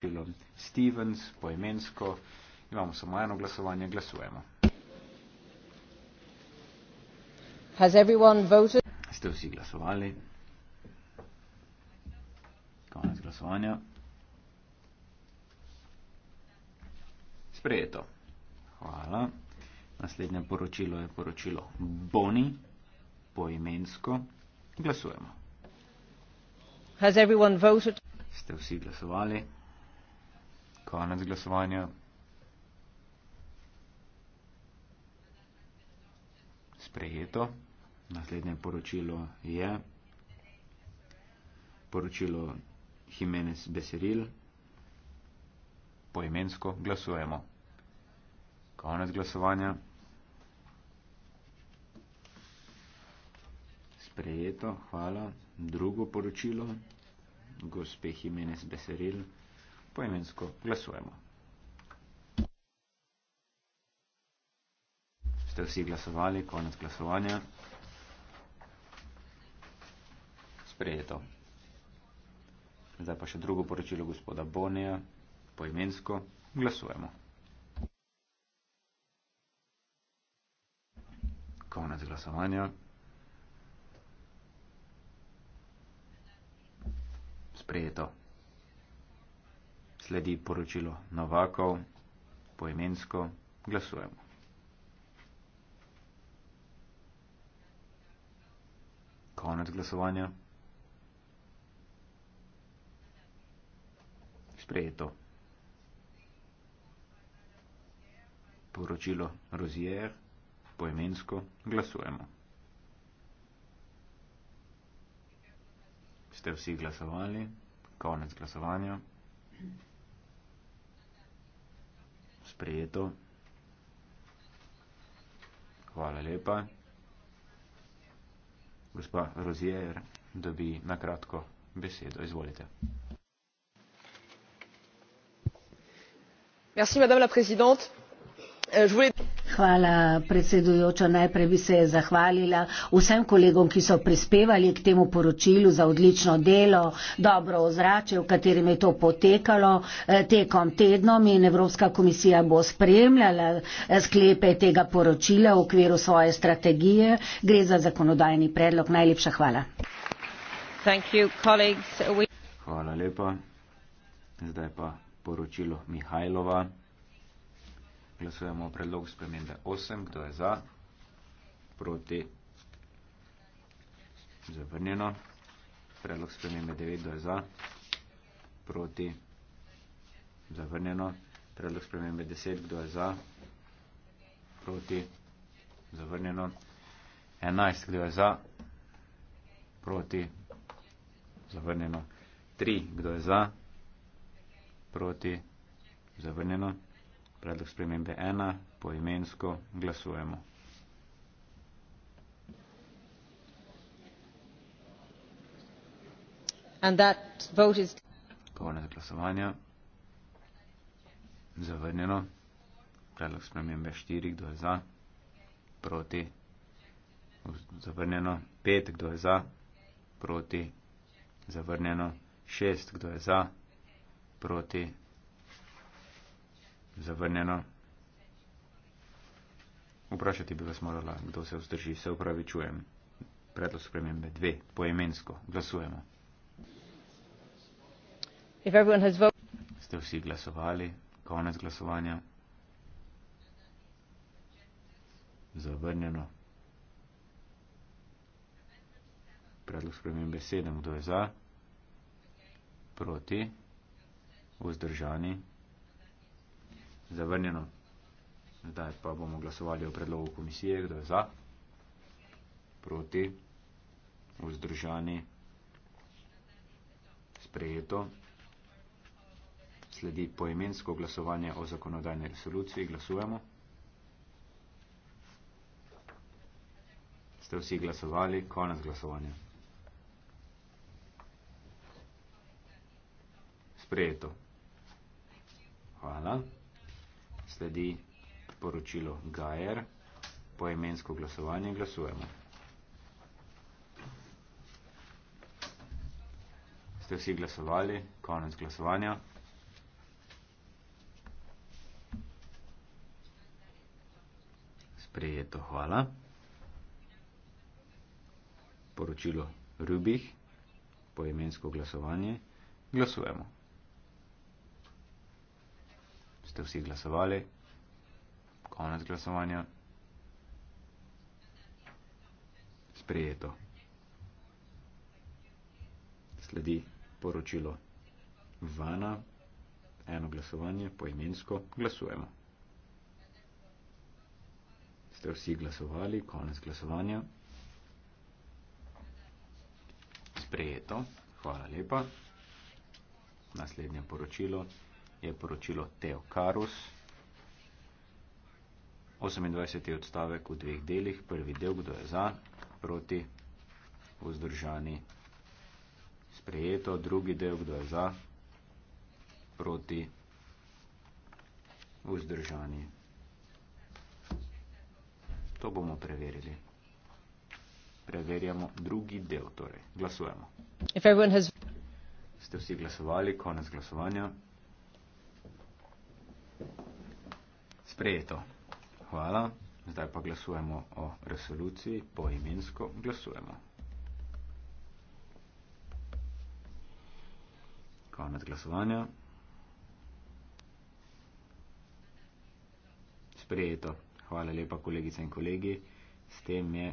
bilo Stevens, poimensko. Imamo samo eno glasovanje, glasujemo. Ste vsi glasovali? Konec glasovanja. Sprejeto. Hvala. Naslednje poročilo je poročilo Boni, poimensko. Glasujemo. Ste vsi glasovali? Konec glasovanja. Sprejeto. Naslednje poročilo je poročilo Jimenez Beseril. Poimensko glasujemo. Konec glasovanja. Sprejeto. Hvala. Drugo poročilo gospe Jimenez Beseril poimensko glasujemo. Ste vsi glasovali, konec glasovanja. Sprejeto. Zdaj pa še drugo poročilo gospoda Bonija, poimensko glasujemo. Konec glasovanja. Sprejeto sledi poročilo Novakov, poimensko glasujemo. Konec glasovanja. Sprejeto. Poročilo Rozier, poimensko glasujemo. Ste vsi glasovali? Konec glasovanja. Thank you sprejeto. Hvala lepa. Gospa Rozier, da bi na kratko besedo. Izvolite. Merci, madame la présidente. Hvala predsedujoča. Najprej bi se zahvalila vsem kolegom, ki so prispevali k temu poročilu za odlično delo, dobro ozračje, v katerem je to potekalo eh, tekom tednom in Evropska komisija bo spremljala eh, sklepe tega poročila v okviru svoje strategije. Gre za zakonodajni predlog. Najlepša hvala. You, hvala lepa. Zdaj pa poročilo Mihajlova. Glasujemo o predlogu spremembe 8. Kdo je za? Proti? Zavrnjeno. Predlog spremembe 9. Kdo je za? Proti? Zavrnjeno. Predlog spremembe 10. Kdo je za? Proti? Zavrnjeno. 11. Kdo je za? Proti? Zavrnjeno. 3. Kdo je za? Proti? Zavrnjeno. Predlog spremembe ena, poimensko glasujemo. Is... Konec glasovanja. Zavrnjeno. Predlog spremembe štiri, kdo je za? Proti. Zavrnjeno. Pet, kdo je za? Proti. Zavrnjeno. Šest, kdo je za? Proti zavrnjeno. Vprašati bi vas morala, kdo se vzdrži, se upravičujem. Predlog spremembe dve, poemensko, glasujemo. Ste vsi glasovali, konec glasovanja. Zavrnjeno. Predlog spremembe sedem, kdo je za? Proti? Vzdržani? Zavrnjeno. Zdaj pa bomo glasovali o predlogu komisije, kdo je za, proti, vzdržani, sprejeto. Sledi poimensko glasovanje o zakonodajni resoluciji. Glasujemo. Ste vsi glasovali? Konec glasovanja. Sprejeto. Hvala sledi poročilo Gajer. Po imensko glasovanje glasujemo. Ste vsi glasovali? Konec glasovanja. Sprejeto, hvala. Poročilo Rubih. Po imensko glasovanje glasujemo ste vsi glasovali. Konec glasovanja. Sprijeto. Sledi poročilo Vana. Eno glasovanje, poimensko glasujemo. Ste vsi glasovali, konec glasovanja. Sprejeto, hvala lepa. Naslednje poročilo je poročilo Teokarus. 28. odstavek v dveh delih, prvi del, kdo je za, proti, vzdržani, sprejeto, drugi del, kdo je za, proti, vzdržani. To bomo preverili. Preverjamo drugi del, torej glasujemo. Ste vsi glasovali, konec glasovanja. sprejeto. Hvala. Zdaj pa glasujemo o resoluciji, poimensko glasujemo. Konec glasovanja. Sprejeto. Hvala lepa, kolegice in kolegi. S tem je.